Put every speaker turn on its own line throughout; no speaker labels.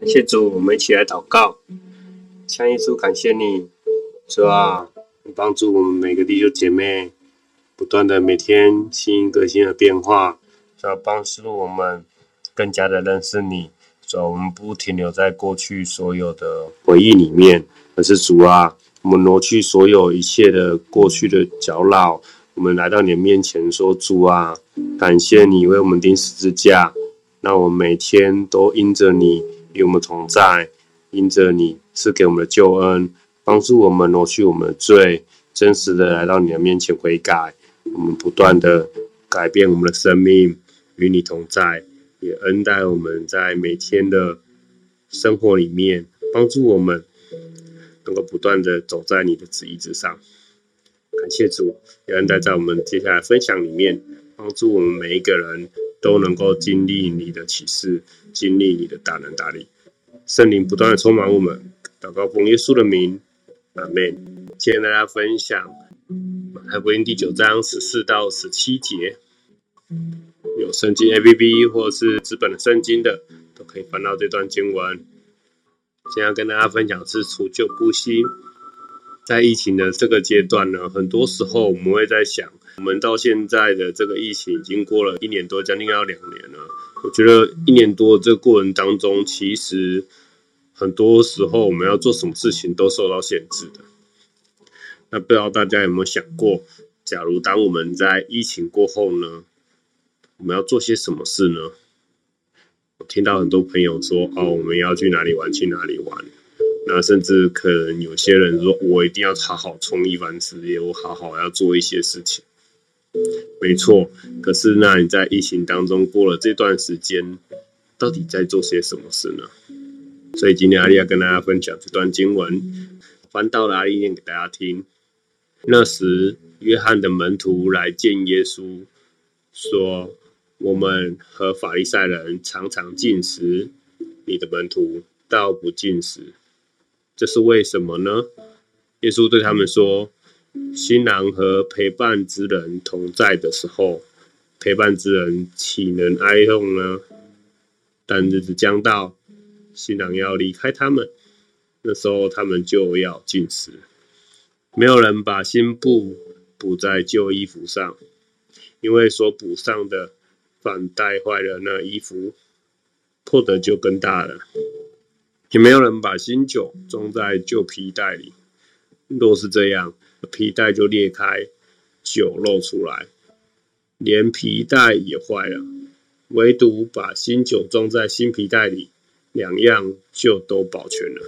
感謝主，我們一起來禱告，向耶穌感謝你，主啊，你幫助我們每個弟兄姐妹，不斷的每天新一個新的變化，主啊，幫助我們更加的認識你，主啊，我們不停留在過去所有的回憶裡面，而是主啊，我們挪去所有一切的過去的攪擾，我們來到你的面前說，主啊，感謝你為我們釘十字架，讓我每天都因着你。與我們同在，因着你賜給我們的救恩，幫助我們挪去我們的罪，真實的來到你的面前悔改，我們不斷的改變我們的生命，與你同在，也恩待我們在每天的生活裡面，幫助我們能夠不斷的走在你的旨意之上。感謝主，也恩待在我們接下來分享裡面，幫助我們每一個人，都能夠經歷你的啟示，經歷你的大能大力，聖靈不斷的充滿我們，禱告奉耶穌的名，阿門。今天跟大家分享馬太福音第九章十四到十七節，有聖經 APP 或是紙本的聖經的，都可以翻到這段經文。今天跟大家分享是除舊佈新，在疫情的這個階段呢，很多時候我們會在想。我們到現在的這個疫情已經過了一年多，將近要兩年了。我覺得一年多這個過程當中，其實很多時候我們要做什麼事情都受到限制的。那不知道大家有沒有想過，假如當我們在疫情過後呢，我們要做些什麼事呢？我聽到很多朋友說，哦，我們要去哪裡玩，去哪裡玩。那甚至可能有些人說，我一定要好好衝一番事業，我好好要做一些事情。沒錯，可是那你在疫情當中過了這段時間，到底在做些什麼事呢？所以今天阿麗要跟大家分享這段經文，翻到了阿麗念給大家聽。那時，約翰的門徒來見耶穌，說：“我們和法利賽人常常禁食，你的門徒倒不禁食，這是為什麼呢？”耶穌對他們說。新郎和陪伴之人同在的時候，陪伴之人豈能哀痛呢？但日子將到，新郎要離開他們，那時候他們就要禁食。沒有人把新布補在舊衣服上，因為所補上的反帶壞了那衣服，破得就更大了。也沒有人把新酒裝在舊皮袋裡，若是這樣。皮袋就裂開，酒漏出來，連皮袋也壞了，唯獨把新酒裝在新皮袋裡，兩樣就都保全了。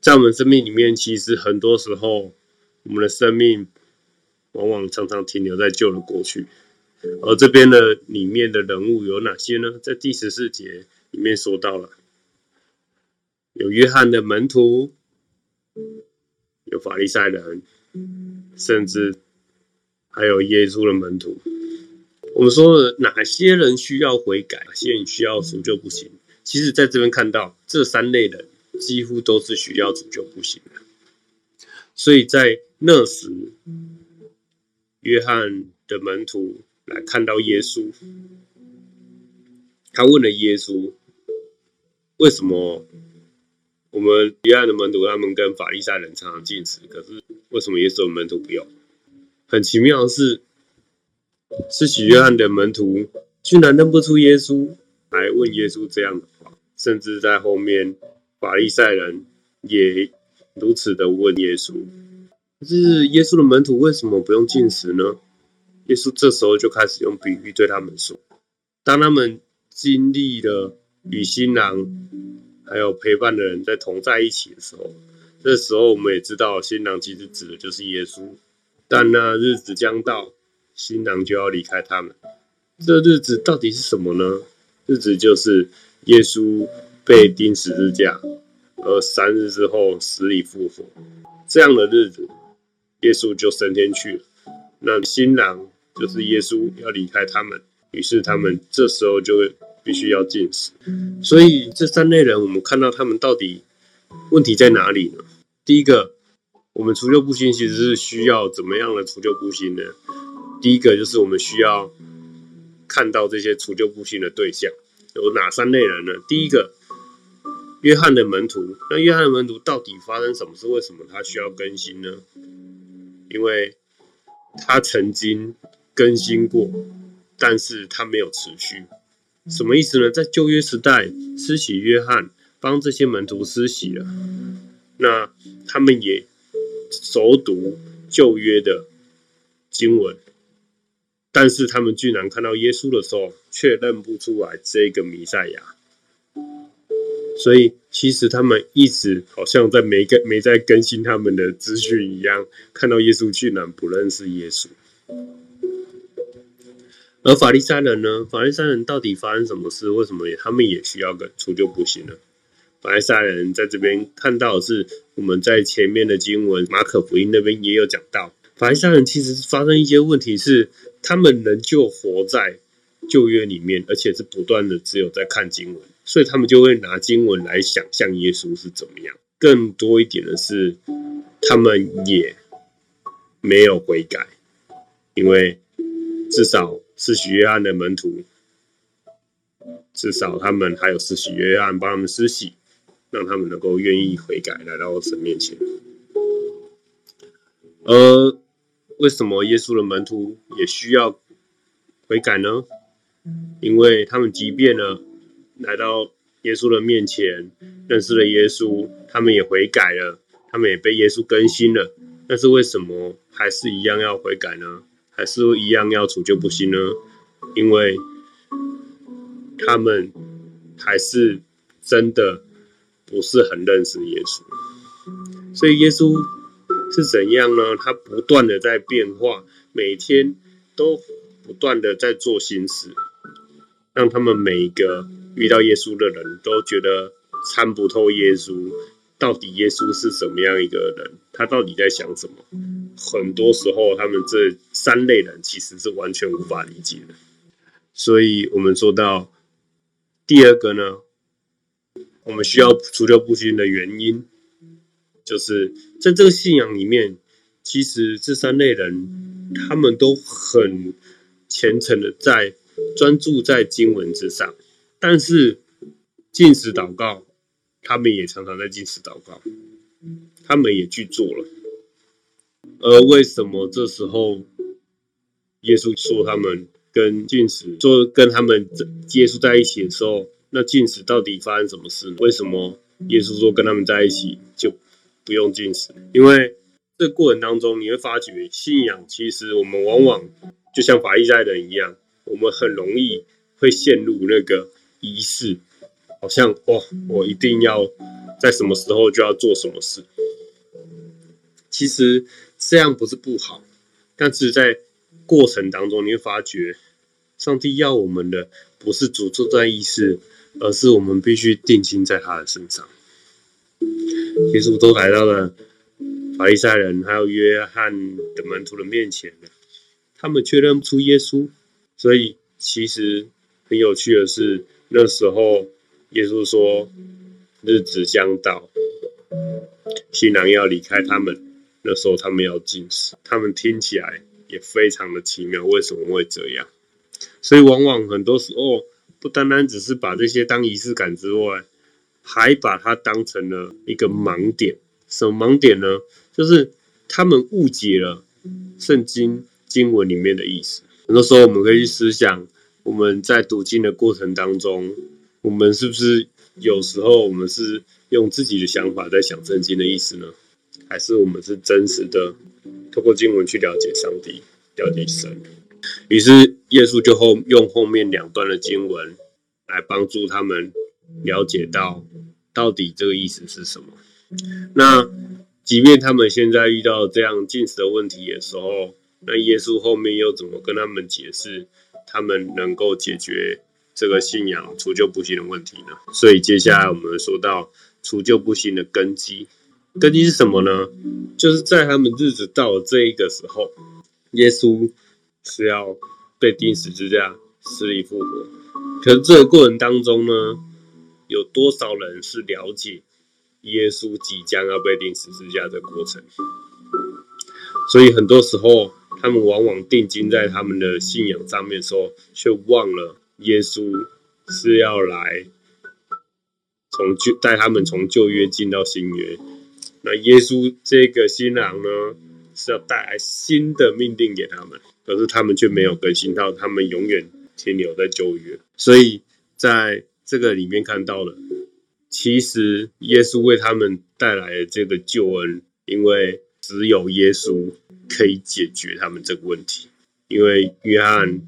在我們生命裡面，其實很多時候，我們的生命往往常常停留在舊的過去。而這邊的裡面的人物有哪些呢？在第十四節裡面說到了，有約翰的門徒。有法利賽人，甚至還有耶穌的門徒。我們說了哪些人需要悔改，哪些人需要贖救不行？其實，在這邊看到這三類人，幾乎都是需要拯救不行的。所以，在那時，約翰的門徒來看到耶穌，他問了耶穌：“為什麼？”我們約翰的門徒，他們跟法利賽人常常禁食，可是為什麼耶穌的門徒不用？很奇妙的是，尤其約翰的門徒居然認不出耶穌，來問耶穌這樣的話，甚至在後面法利賽人也如此的問耶穌。可是耶穌的門徒為什麼不用禁食呢？耶穌這時候就開始用比喻對他們說：當他們經歷了與新郎。還有陪伴的人在同在一起的時候，這時候我們也知道新郎其實指的就是耶穌。但那日子將到，新郎就要離開他們。這日子到底是什麼呢？日子就是耶穌被釘十字架，而三日之後死裡復活，這樣的日子，耶穌就升天去了。那新郎就是耶穌要離開他們，於是他們這時候就會必須要禁食，所以這三類人，我們看到他們到底問題在哪裡呢？第一個，我們除舊布新，其實是需要怎麼樣的除舊布新呢？第一個就是我們需要看到這些除舊布新的對象有哪三類人呢？第一個，約翰的門徒，那約翰的門徒到底發生什麼事，為什麼他需要更新呢？因為，他曾經更新過，但是他沒有持續。什麼意思呢？在舊約時代，施洗約翰幫這些門徒施洗了，那他們也熟讀舊約的經文，但是他們居然看到耶穌的時候，卻認不出來這個彌賽亞。所以，其實他們一直好像在沒跟、沒在更新他們的資訊一樣，看到耶穌，居然不認識耶穌。而法利賽人呢？法利賽人到底發生什麼事？為什麼他們也需要個除舊佈新呢？法利賽人在這邊看到的是我們在前面的經文馬可福音那邊也有講到，法利賽人其實發生一些問題是，他們仍舊活在舊約裡面，而且是不斷的只有在看經文，所以他們就會拿經文來想象耶穌是怎麼樣。更多一點的是，他們也沒有悔改，因為至少。施洗約翰的門徒，至少他們還有施洗約翰幫他們施洗，讓他們能夠願意悔改來到神面前。而為什麼耶穌的門徒也需要悔改呢？因為他們即便呢來到耶穌的面前，認識了耶穌，他們也悔改了，他們也被耶穌更新了。但是為什麼還是一樣要悔改呢？還是一樣，要處就不行呢，因為他們還是真的不是很認識耶穌，所以耶穌是怎樣呢？他不斷的在變化，每天都不斷的在做新事，讓他們每一個遇到耶穌的人都覺得參不透耶穌，到底耶穌是什麼樣一個人。他到底在想什麼？很多時候，他們這三類人其實是完全無法理解的。所以，我們說到第二個呢，我們需要除舊佈新的原因，就是在這個信仰裡面，其實這三類人他們都很虔誠的在專注在經文之上，但是禁食禱告，他們也常常在禁食禱告。他們也去做了，而為什麼這時候耶穌說他們跟禁食說跟他們接觸在一起的時候，那禁食到底發生什麼事？為什麼耶穌說跟他們在一起就不用禁食？因為這過程當中，你會發覺信仰其實我們往往就像法利賽人一樣，我們很容易會陷入那個儀式，好像哦，我一定要在什麼時候就要做什麼事。其實這樣不是不好，但是在過程當中，你會發覺，上帝要我們的不是注重在儀式，而是我們必須定睛在他的身上。耶穌都來到了法利賽人還有約翰的門徒的面前了，他們卻認不出耶穌。所以其實很有趣的是，那時候耶穌說，日子將到，新郎要離開他們。那時候他們要禁食，他們聽起來也非常的奇妙，為什麼會這樣？所以往往很多時候不單單只是把這些當儀式感之外，還把它當成了一個盲點。什麼盲點呢？就是他們誤解了聖經經文裡面的意思。很多時候我們可以去思想，我們在讀經的過程當中，我們是不是有時候我們是用自己的想法在想聖經的意思呢？還是我們是真實的，透過經文去了解上帝、了解神。於是耶穌就後用後面兩段的經文來幫助他們了解到到底這個意思是什麼？那即便他們現在遇到這樣禁食的問題的時候，那耶穌後面又怎麼跟他們解釋，他們能夠解決這個信仰除舊佈新的問題呢？所以接下來我們來說到除舊佈新的根基。根基是什麼呢？就是在他們日子到了這一個時候，耶穌是要被釘死十架，死裡復活。可是這個過程當中呢，有多少人是了解耶穌即將要被釘死十架的過程？所以很多時候，他們往往定睛在他們的信仰上面的時候，卻忘了耶穌是要來從舊帶他們從舊約進到新約。那耶穌這個新郎呢，是要帶來新的命令給他們，可是他們卻沒有更新到，他們永遠停留在舊約。所以在這個裡面看到了，其實耶穌為他們帶來的這個救恩，因為只有耶穌可以解決他們這個問題。因為約翰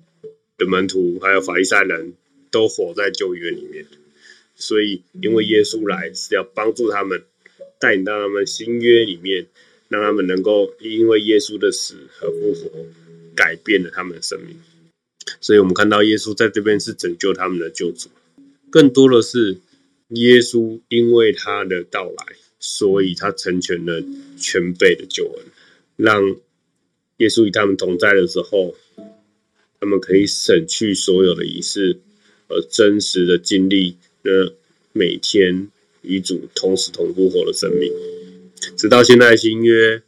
的門徒還有法利賽人都活在舊約裡面，所以因為耶穌來是要幫助他們。帶領到他們新約裡面，讓他們能夠因為耶穌的死和復活改變了他們的生命。所以我們看到耶穌在這邊是拯救他們的救主，更多的是耶穌因為他的到來，所以他成全了全備的救恩，讓耶穌與他們同在的時候，他們可以省去所有的儀式，而真實的經歷那、呃、每天。與主同死同復活的生命，直到現在的新約，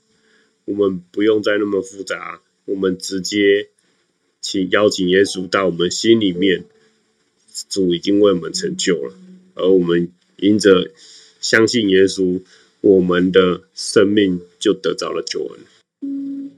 我們不用再那麼複雜，我們直接請邀請耶穌到我們心裡面，主已經為我們成就了，而我們因着相信耶穌，我們的生命就得着了救恩。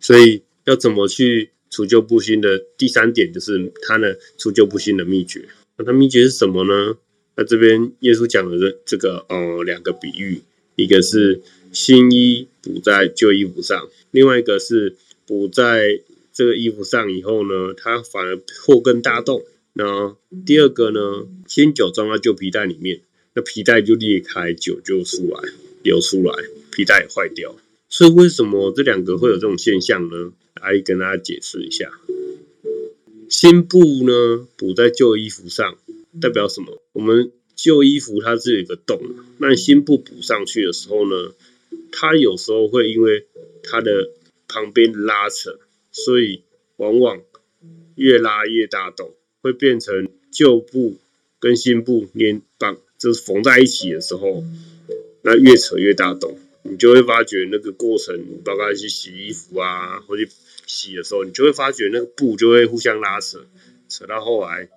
所以要怎麼去除舊佈新的第三點，就是他的除舊佈新的秘訣。那他秘訣是什麼呢？那、啊、這邊耶穌講的這這個呃兩個比喻，一個是新衣補在舊衣服上，另外一個是補在這個衣服上以後呢，它反而破更大洞。那第二個呢，新酒裝到舊皮袋裡面，那皮袋就裂開，酒就出來流出來，皮袋也壞掉。所以為什麼這兩個會有這種現象呢？阿姨跟大家解釋一下，新布呢補在舊衣服上。代表什麼？我們舊衣服它是有一個洞，那新布補上去的時候呢，它有時候會因為它的旁邊拉扯，所以往往越拉越大洞，會變成舊布跟新布黏綁，就是縫在一起的時候，那越扯越大洞，你就會發覺那個過程，包括去洗衣服啊，或者洗的時候，你就會發覺那個布就會互相拉扯，扯到後來。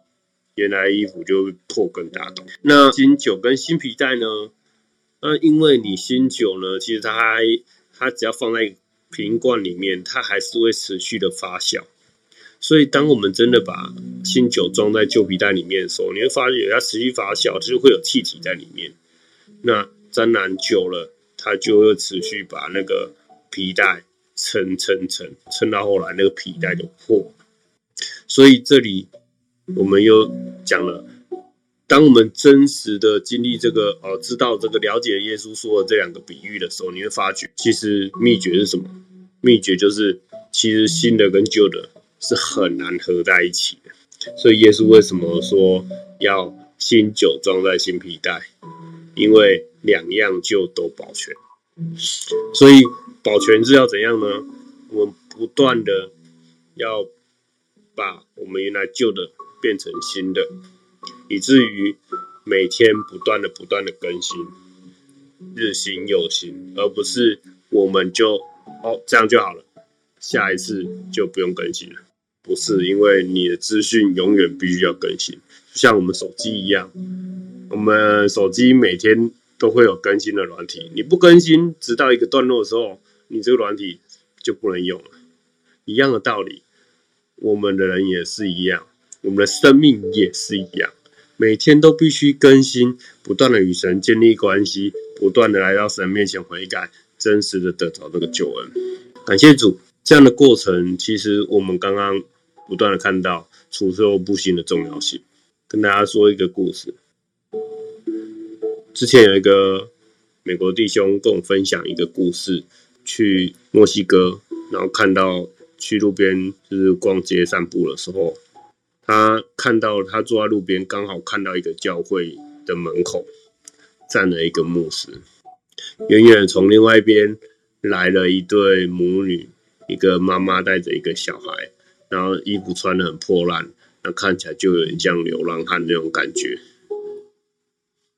原來衣服就會破更大洞。那新酒跟新皮袋呢？那、啊、因為你新酒呢，其實它還它只要放在瓶罐裡面，它還是會持續的發酵。所以當我們真的把新酒裝在舊皮袋裡面的時候，你會發現它持續發酵，就是會有氣體在裡面。那沾染久了，它就會持續把那個皮袋撐撐撐撐到後來，那個皮袋就破。所以這裡。我們又講了，當我們真實的經歷這個，呃、哦，知道這個了解耶穌說的這兩個比喻的時候，你會發覺，其實秘訣是什麼？秘訣就是，其實新的跟舊的，是很難合在一起的。所以耶穌為什麼說要新酒裝在新皮袋？因為兩樣就都保全。所以保全是要怎樣呢？我們不斷的要把我們原來舊的。變成新的，以至於每天不斷的、不斷的更新，日新又新，而不是我們就，哦，這樣就好了，下一次就不用更新了。不是，因為你的資訊永遠必須要更新，像我們手機一樣，我們手機每天都會有更新的軟體，你不更新，直到一個段落的時候，你這個軟體就不能用了。一樣的道理，我們的人也是一樣。我們的生命也是一樣，每天都必須更新，不斷的與神建立關係，不斷的來到神面前悔改，真實的得到這個救恩。感謝主！這樣的過程，其實我們剛剛不斷的看到除舊佈新的重要性。跟大家說一個故事，之前有一個美國弟兄跟我分享一個故事，去墨西哥，然後看到去路邊就是逛街散步的時候。他看到他坐在路邊，剛好看到一個教會的門口站了一個牧師。遠遠從另外一邊來了一對母女，一個媽媽帶着一個小孩，然後衣服穿得很破爛，那看起來就有點像流浪漢那種感覺。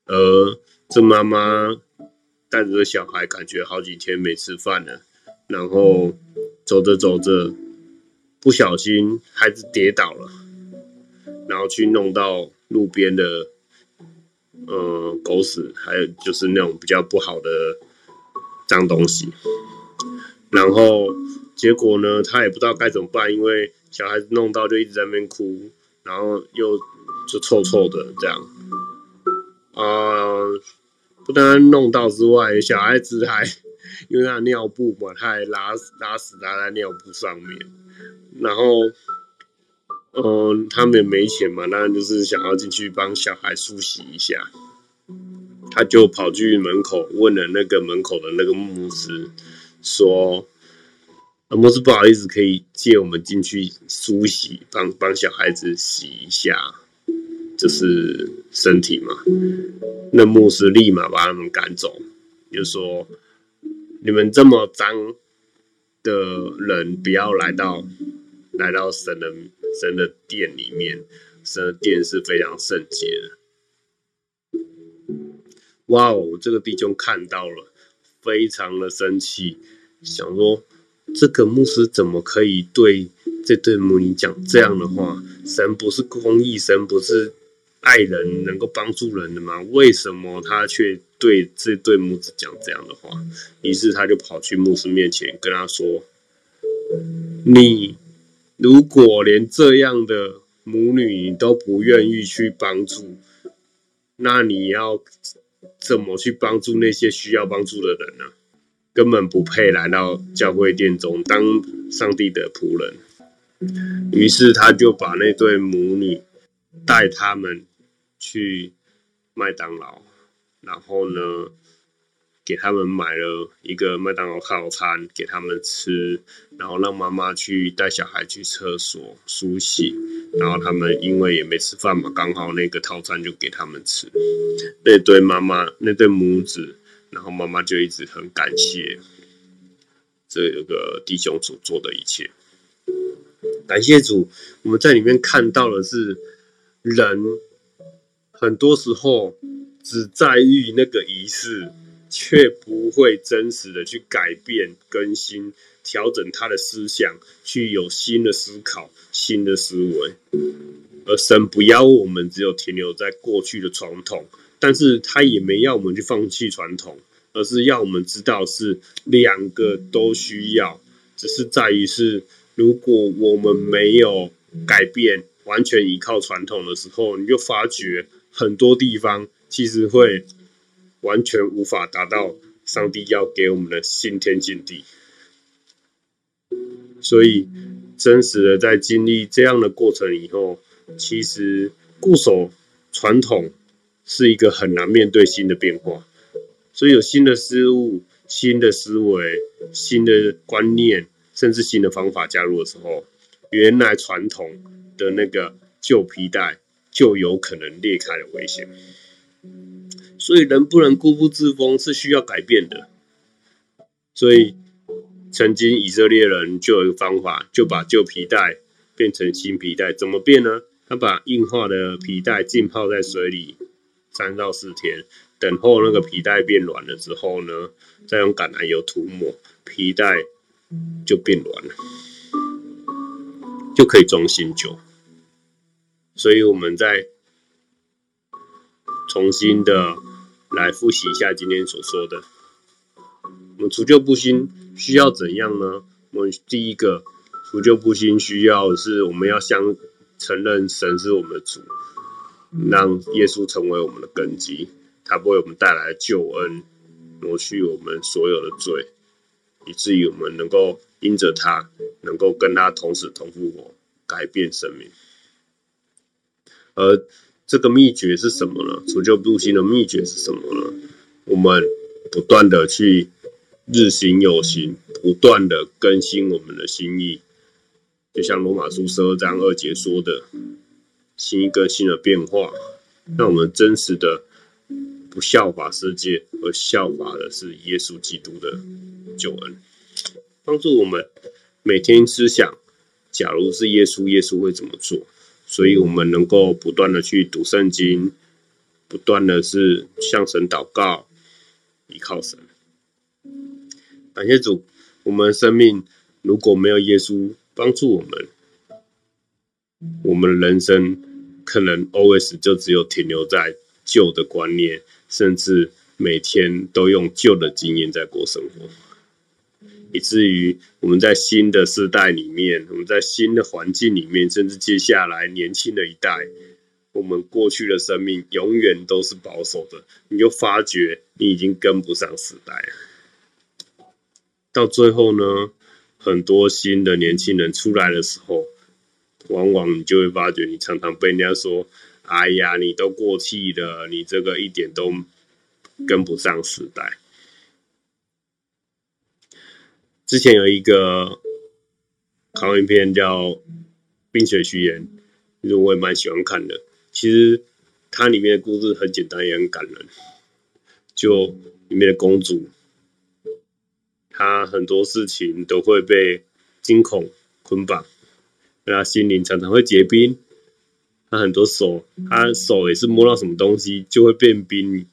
而這媽媽帶着小孩，感覺好幾天沒吃飯了。然後走着走着，不小心孩子跌倒了。然後去弄到路邊的，呃，狗屎，還有就是那種比較不好的髒東西。然後結果呢，他也不知道該怎麼辦，因為小孩子弄到就一直在那邊哭，然後又就臭臭的這樣。啊、呃，不但弄到之外，小孩子還因為他的尿布嘛，他還拉拉屎拉在尿布上面，然後。嗯，他們也沒錢嘛，那就是想要進去幫小孩梳洗一下。他就跑去門口問了那個門口的那個牧師，說，啊：“牧師，不好意思，可以借我們進去梳洗，幫幫小孩子洗一下，就是身體嘛。”那牧師立馬把他們趕走，就說：“你們這麼髒的人，不要來到來到神的。”神的殿裡面，神的殿是非常聖潔的。哇哦，這個弟兄看到了，非常的生氣，想說這個牧師怎麼可以對這對母女講這樣的話？神不是公義，神不是愛人，能夠幫助人的嗎？為什麼他卻對這對母子講這樣的話？於是他就跑去牧師面前跟他說：“你。”如果連這樣的母女你都不願意去幫助，那你要怎麼去幫助那些需要幫助的人呢、啊？根本不配來到教會殿中當上帝的僕人。於是他就把那對母女帶他們去麥當勞，然後呢？給他們買了一個麥當勞套餐給他們吃，然後讓媽媽去帶小孩去廁所梳洗，然後他們因為也沒吃飯嘛，剛好那個套餐就給他們吃。那對媽媽，那對母子，然後媽媽就一直很感謝這個弟兄所做的一切，感謝主。我們在裡面看到的是人，很多時候只在意那個儀式。卻不會真實的去改變、更新、調整他的思想，去有新的思考、新的思維。而神不要我們只有停留在過去的傳統，但是他也沒要我們去放棄傳統，而是要我們知道是兩個都需要，只是在於是，如果我們沒有改變，完全依靠傳統的時候，你就發覺很多地方其實會。完全無法達到上帝要給我們的新天新地，所以真實的在經歷這樣的過程以後，其實固守傳統是一個很難面對新的變化，所以有新的事物、新的思維、新的觀念，甚至新的方法加入的時候，原來傳統的那個舊皮袋就有可能裂開的危險。所以人不能固步自封，是需要改變的。所以，曾經以色列人就有一個方法，就把舊皮袋變成新皮袋，怎麼變呢？他把硬化的皮袋浸泡在水裡三到四天，等候那個皮袋變軟了之後呢，再用橄欖油塗抹皮袋，就變軟了，就可以裝新酒。所以我們在。重新的來複習一下今天所說的，我們除舊布新需要怎樣呢？我們第一個除舊布新需要的是，我們要相承認神是我們的主，讓耶穌成為我們的根基，他為我們帶來救恩，抹去我們所有的罪，以至於我們能夠因着他，能夠跟他同死同復活，改變生命，而。這個秘訣是什麼呢？除舊布新的秘訣是什麼呢？我們不斷的去日新又新，不斷的更新我們的心意，就像羅馬書十二章二節說的，心意更新的變化。讓我們真實的不效法世界，而效法的是耶穌基督的救恩，幫助我們每天思想，假如是耶穌，耶穌會怎麼做？所以，我們能夠不斷的去讀聖經，不斷的是向神禱告，依靠神，感謝主。我們的生命如果沒有耶穌幫助我們，我們的人生可能 always 就只有停留在舊的觀念，甚至每天都用舊的經驗在過生活。以至於我們在新的世代裡面，我們在新的環境裡面，甚至接下來年輕的一代，我們過去的生命永遠都是保守的，你就發覺你已經跟不上時代了。到最後呢，很多新的年輕人出來的時候，往往你就會發覺，你常常被人家說：“哎呀，你都過氣了，你這個一點都跟不上時代。”之前有一個卡通片叫《冰雪奇緣》，其實我也蠻喜歡看的。其實它裡面的故事很簡單，也很感人。就裡面的公主，她很多事情都會被驚恐捆綁，她心靈常常會結冰。她很多手，她手也是摸到什麼東西就會變冰，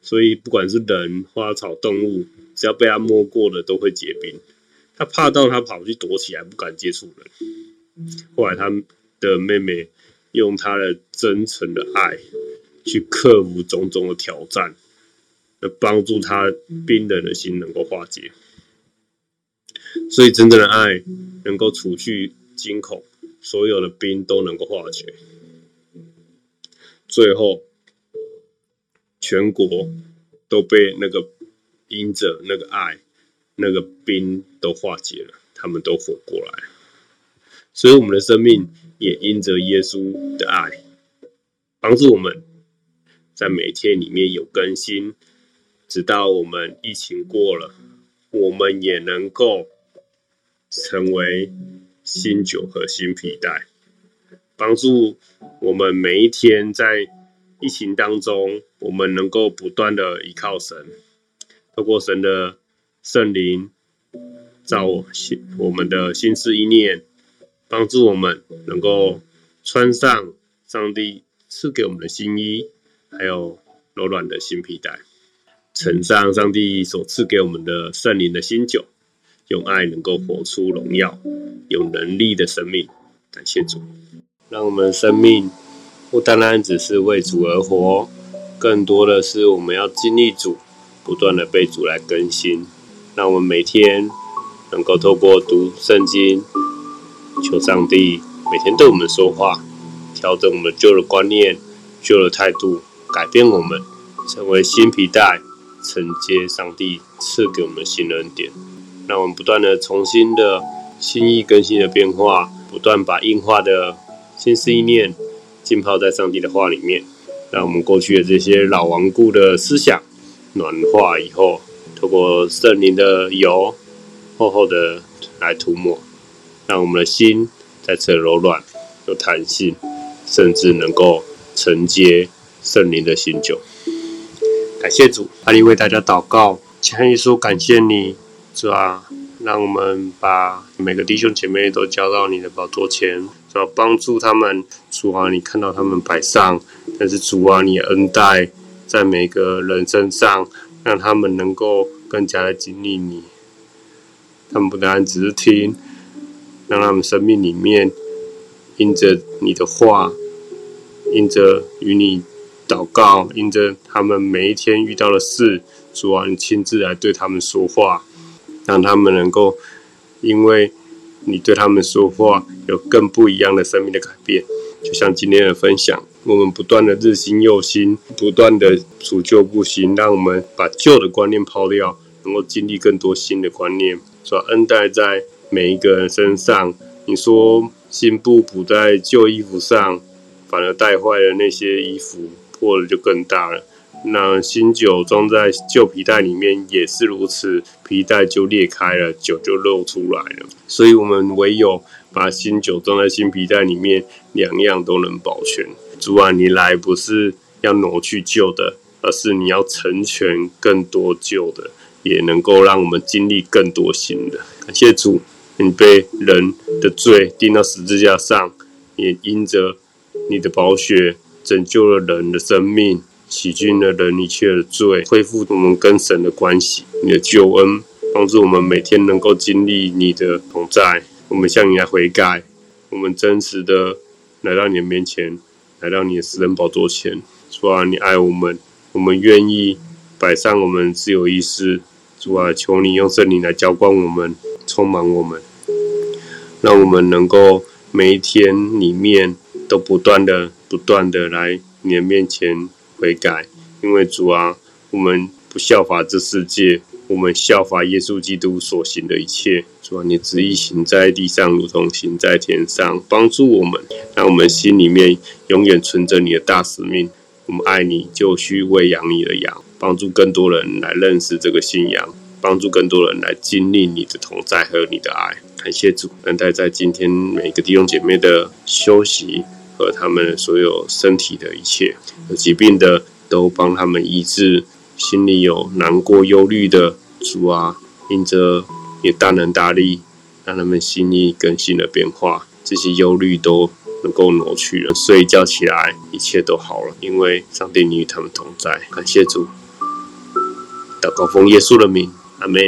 所以不管是人、花草、動物，只要被她摸過的都會結冰。他怕到他跑去躲起來，不敢接觸人。後來他的妹妹用她的真誠的愛去克服種種的挑戰，幫助他冰冷的心能夠化解。所以真正的愛能夠除去驚恐，所有的冰都能夠化解。最後，全國都被那個因着那個愛。那個冰都化解了，他們都活過來，所以我們的生命也因着耶穌的愛，幫助我們，在每天裡面有更新，直到我們疫情過了，我們也能夠成為新酒和新皮袋，幫助我們每一天在疫情當中，我們能夠不斷的依靠神，透過神的。聖靈照我心，我們的心思意念，幫助我們能夠穿上上帝賜給我們的新衣，還有柔軟的新皮袋，盛上上帝所賜給我們的聖靈的新酒，用愛能夠活出榮耀有能力的生命。感謝主，讓我們的生命不單單只是為主而活，更多的是我們要經歷主，不斷的被主來更新。讓我們每天能夠透過讀聖經，求上帝每天對我們說話，調整我們舊的觀念、舊的態度，改變我們，成為新皮袋，承接上帝賜給我們新的恩典。讓我們不斷的重新的心意更新的變化，不斷把硬化的心思意念浸泡在上帝的話裡面，讓我們過去的這些老頑固的思想暖化以後。透過聖靈的油，厚厚的來塗抹，讓我們的心再次柔軟、有彈性，甚至能夠承接聖靈的新酒。感謝主，阿利為大家禱告，錢玉書感謝你，是吧、啊？讓我們把每個弟兄姐妹都交到你的寶座前，然後幫助他們。主啊，你看到他們擺上，但是主啊，你的恩待在每個人身上。讓他們能夠更加的經歷你，他們不單單只是聽，讓他們生命裡面因著你的話，因著與你禱告，因著他們每一天遇到的事，主啊，你親自來對他們說話，讓他們能夠因為你對他們說話，有更不一樣的生命的改變，就像今天的分享。我們不斷地日新又新，不斷地除舊佈新，讓我們把舊的觀念拋掉，能夠經歷更多新的觀念。把恩帶在每一個人身上，你說新布補在舊衣服上，反而帶壞了那些衣服，破了就更大了。那新酒裝在舊皮袋裡面也是如此，皮袋就裂開了，酒就漏出來了。所以我們唯有。把新酒裝在新皮袋裡面，兩樣都能保全。主啊，你來不是要挪去舊的，而是你要成全更多舊的，也能夠讓我們經歷更多新的。感謝主，你被人的罪釘到十字架上，也因着你的寶血拯救了人的生命，洗淨了人一切的罪，恢復我們跟神的關係。你的救恩幫助我們每天能夠經歷你的同在。我們向你來悔改，我們真實的來到你的面前，來到你的施恩寶座前。主啊，你愛我們，我們願意擺上我們自由意志，主啊，求你用聖靈來澆灌我們，充滿我們，讓我們能夠每一天裡面都不斷的、不斷的來你的面前悔改。因為主啊，我們不效法這世界。我們效法耶穌基督所行的一切，主啊，你旨意行在地上，如同行在天上。幫助我們，讓我們心裡面永遠存着你的大使命。我們愛你，就需餵養你的羊，幫助更多人來認識這個信仰，幫助更多人來經歷你的同在和你的愛。感謝主，能帶在今天每個弟兄姐妹的休息和他們所有身體的一切有疾病的，都幫他們醫治。心裡有難過、憂慮的主啊，因着你大能大力，讓他們心意更新了變化，這些憂慮都能夠挪去了。睡一覺起來，一切都好了，因為上帝你與他們同在，感謝主。禱告奉耶穌的名，阿門。